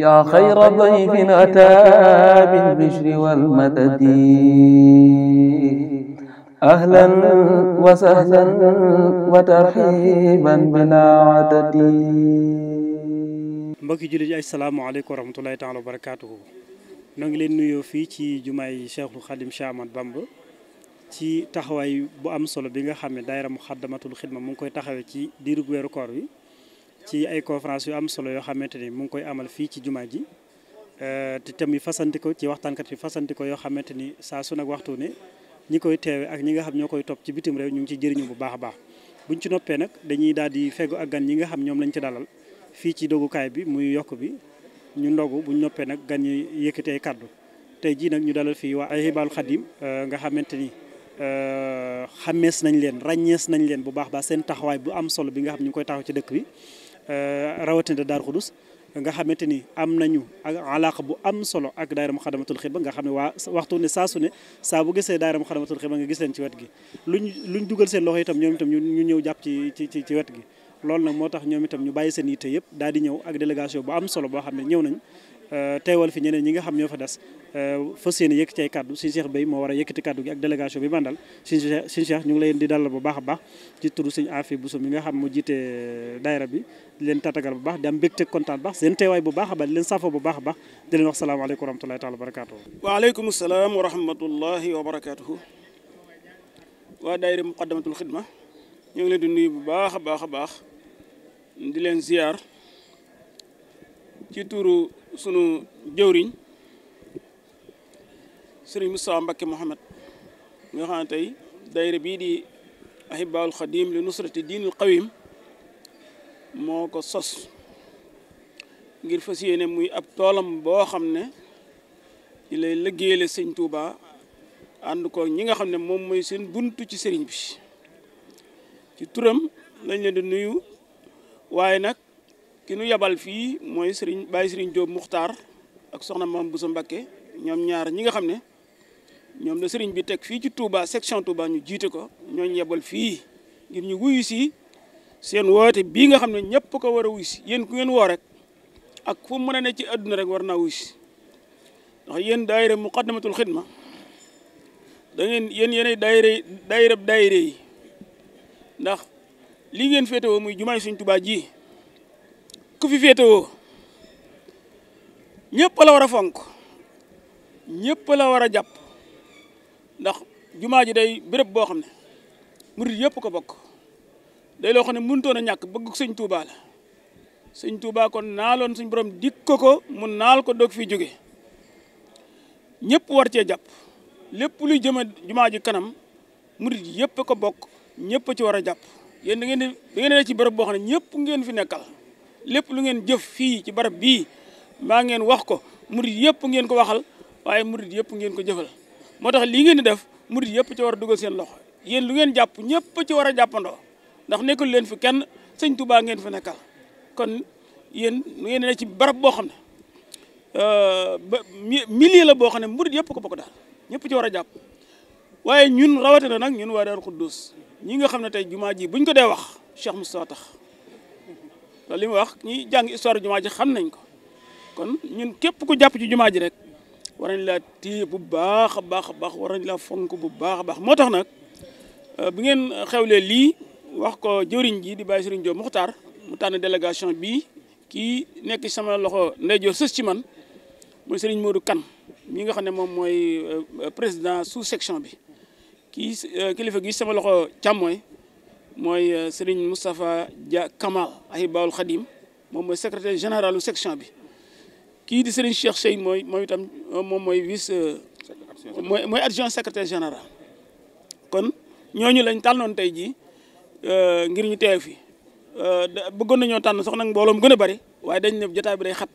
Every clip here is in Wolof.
yaa xayra dayfin ataa bil bishri wal madadi ahlan wa sahlan wa tarxiiban bilaa adadi mbokki jullit yi asalaamaaleykum wa rahmatulahi taala wa barakaatuhu noo ngi leen nuyoo fii ci jumaay Cheikhul Xadim Cheikh Ahmad Bamba ci taxawaay bu am solo bi nga xam ne daayira Muxaddamatul Xidma mu ngi koy taxawee ci diirug weeru koor wi ci ay conférence yu am solo yoo xamante ni mu ngi koy amal fii ci jumaa ji euh, te itam yi fasanti ko ci waxtaankat yi fasanti ko yoo xamante ni saa su nag waxtu ne ñi koy teewe ak ñi nga xam ñoo koy topp ci bitim réew ñu ngi ci jëriñu bu baax baax buñ ci noppee nag dañuy daal di fegu ak gan ñi nga xam ñoom lañ ci dalal fii ci dogukaay bi muy yokk bi ñu ndogu bu noppee nag gan ñi yëkkati kàddu tey jii nag ñu dalal fii waa Ahibahil Khadim euh, nga xamante ni euh, xamees nañ leen ràññees nañ leen bu baax baax seen taxawaay bu am solo bi nga xam ñu koy taxaw ci dëkk bi Eh, rawatina Daaru Xudus nga xamante ni am nañu ak alaqa bu am solo ak daayira Muxaddamatul Xidma nga xam ne waa waxtu ne saa su ne saa bu gisee daayira Muxaddamatul Xidma nga gis leen ci wet gi luñ luñ dugal seen loxo itam ñoom itam ñu ñëw jàpp ci ci ci wet gi loolu nag moo tax ñoom itam ñu bàyyi seen yitte yëpp daal di ñëw ak délégation bu am solo boo xam ne ñëw nañ Euh, teewal fi ñeneen ñi nga xam ñoo fa des euh, fas yéene yëkkati ay kàddu suñu Cheikh Bey moo war a yëkkati kàddu gi ak délégation bi mandal suñu suñu Cheikh ñu ngi leen di dalal bu baax a baax ci turu suñu Afi nga xam mu jiite euh, daayira bi di leen tatagal bu baax di am mbégte kontaan baax seen bu baax a baax di leen safo bu baax a baax di leen wax salaamaaleykum wa rahmatulahi taala wa barakaatu waaleykum salaam wa rahmatullahi wa barakaatuhu waa daayira muqaddamatul xidma ñu ngi leen di nuyu bu baax a baax a baax di leen ziar ci turu sunu jëwriñ sëriñ Moustapha Mbacké Mouhamed nga xam ne tey daayira bii di ahibaul xadim li nusrati diinul qawim moo ko sos ngir fas yéene muy ab toolam boo xam ne di lay liggéeyale sëñ Touba ànd ko ñi nga xam ne moom mooy seen buntu ci sëriñ bi ci turam lañ leen di nuyu waaye nag ki nu yebal fii mooy Serigne baay Serigne Diop Muxtaar ak soxna Maam Bousso Mbacké ñoom ñaar ñi nga xam ne ñoom la Serigne bi teg fii ci Touba section Touba ñu jiite ko ñooñu yebal fii ngir ñu wuyu si seen woote bii nga xam ne ñëpp ko war a si yéen ku ngeen woo rek ak fu mu mën a ne ci àdduna rek war naa wuyu si ndax yéen daayira Muqaddamatul Xidma da ngeen yéen yéenay daayira daayira daayira yi ndax li ngeen woo muy jumaay suñ tubaa ji. ku fi féetewoo ñëpp la war a fonk ñëpp la war a jàpp ndax jumaa ji day béréb boo xam ne murit yëpp ko bokk day loo xam ne mënutoon a ñàkk bëgg sëñ Tuubaa la sëñ Tuubaa kon naaloon suñ borom dikk ko ko mu naal ko doog fi jóge ñëpp war cee jàpp lépp luy jëme jumaa ji kanam murit yëpp ko bokk ñëpp ci war a jàpp yéen da ngeen di da ngeen ne ci béréb boo xam ne ñëpp ngeen fi nekkal lépp lu ngeen jëf fii ci barab bii mbaa ngeen wax ko murit yëpp ngeen ko waxal waaye murit yëpp ngeen ko jëfal moo tax lii ngeen di def murit yëpp ci war a dugal seen loxo yéen lu ngeen jàpp ñëpp ci war a jàppandoo ndax nekkul leen fi kenn sëñ ngeen fi nekkal kon yéen ngeen ne ci barab boo xam ne euh, ba millier la boo xam ne murit yëpp ko bokk daal ñëpp ci war a jàpp waaye ñun rawatina nag ñun waa Daaru Xuddoos ñi nga xam ne tey jumaa ji buñ ko dee wax Cheikh Moustapha tax li mu wax ñi jàng histoire jumaa ji xam nañ ko kon ñun képp ku jàpp ci jumaa ji rek war laa téye bu baax a baax a baax war nañ laa fonk bu baax a baax moo tax nag euh, bi ngeen xewlee lii wax ko jëwriñ ji di bàyyi sëriñ Diop Muxtaar mu tànn délégation bii kii nekk sama loxo ndeyjoor sës ci man mooy sëriñ Modou kan mi nga xam ne moom mooy euh, président sous section bi kii euh, kilifa gi sama loxo càmmooy mooy euh, Serigne Moustapha Dia Kamal Ahibaul Khadim moom mooy secrétaire général section bi kii di Serigne Cheikh Seye mooy mooy itam euh, moom mooy vice euh, mooy mooy adjoint secrétaire général kon ñooñu lañ tànnoon tey jii ngir ñu teew fi a nañoo tànn sax nag mbooloo mu gën a bari waaye dañ ne jotaay bi xat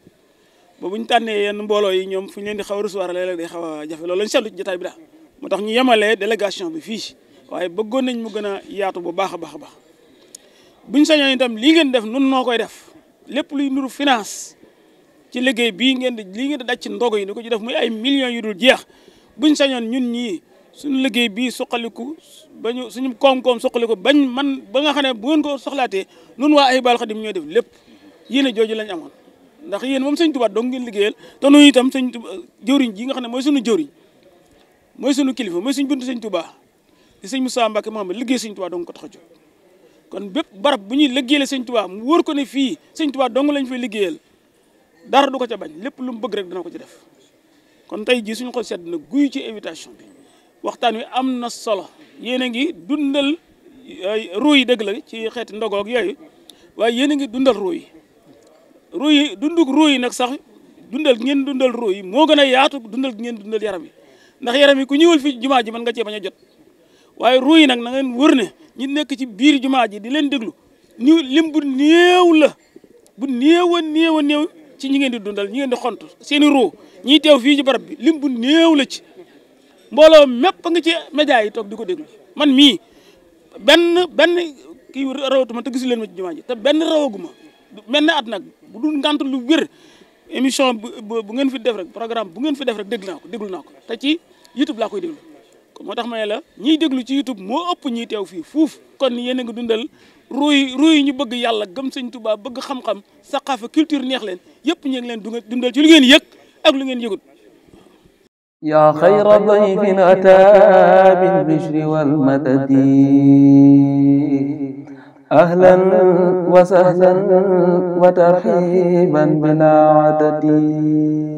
ba ñu tànnee yenn mbooloo yi ñoom fu ñu leen di xaw a recevoir léeg-léeg day xaw a jafe loolu lañ seetlu ci bi daal moo tax ñu yemale délégation bi fii waaye bëggoon nañ mu gën a yaatu bu baax a baax a baax buñ sañoon itam lii ngeen def nun noo koy def lépp luy nuru finance ci liggéey bii ngeen di lii ngeen di daj ci ndogo yi ni ko ci def muy ay millions yu dul jeex buñ sañoon ñun ñii suñu liggéey bii suqaliku bañu suñu koom-koom suqaliku bañ man ba nga xam ne bu ngeen ko soxlaatee nun waa ay Ahibahil Khadim ñooy def lépp yéen a jooju lañ amoon ndax yéen moom sëñ Tuubaa dong ngeen liggéeyal te nun itam sëñ jëwriñ ji nga xam ne mooy sunu jëwriñ mooy suñu kilifa mooy suñu buntu sëñ Tuubaa te sëñ Moussa Mbacke Mouhamed liggéey sëñ Tuubaa dong ko tax a kon bépp barab bu ñuy liggéeyal sëñ Tuubaa mu wóor ko ne fii sëñ Tuubaa dong lañ fay liggéeyal dara du ko ca bañ lépp lu mu bëgg rek dana ko ci def kon tey ji suñu ko sedd na guy ci invitation bi waxtaan wi am na solo yéen a ngi dundal ruu yi dëgg ci xeeti ndogoog yooyu waaye yéen a ngi dundal ruu yi ruu yi dunduk ruu yi nag sax dundal ngeen dundal ruu yi moo gën a yaatu dundal ngeen dundal yaram yi ndax yaram yi ku ñëwal fii ji mën nga cee bañ a jot waaye ruu yi nag na wër ne ñi nekk ci biir jumaa ji di leen déglu ni lim bu néew la bu néew a néew a ci ñi ngeen di dundal ñi ngeen di seeni seen i ruu ñiy teew fii ci barab bi lim bu néew la ci mbooloo mépp nga ci média yi toog di ko déglu man mii benn benn kii rawatuma te gisi leen ma ci jumaa ji te benn rawaguma mel ne at nag bu dul ngant lu wér émission bu ngeen fi def rek programme bu ngeen fi def rek déglu naa ko déglu naa ko te ci YouTube laa koy déglu moo tax ma ne la ñiy déglu ci YouTube moo ëpp ñiy teew fii fuuf kon yéen a ngi dundal ruuy ruuy ñu bëgg yàlla gëm sëñ Tuubaa bëgg xam-xam saqaafa culture neex leen yëpp ñu ngi leen dundal ci lu ngeen yëg ak lu ngeen yëgut yaa xayra dayfin ataa bil bishri wal madadi ahlan wa sahlan wa tarxiiban bilaa adadi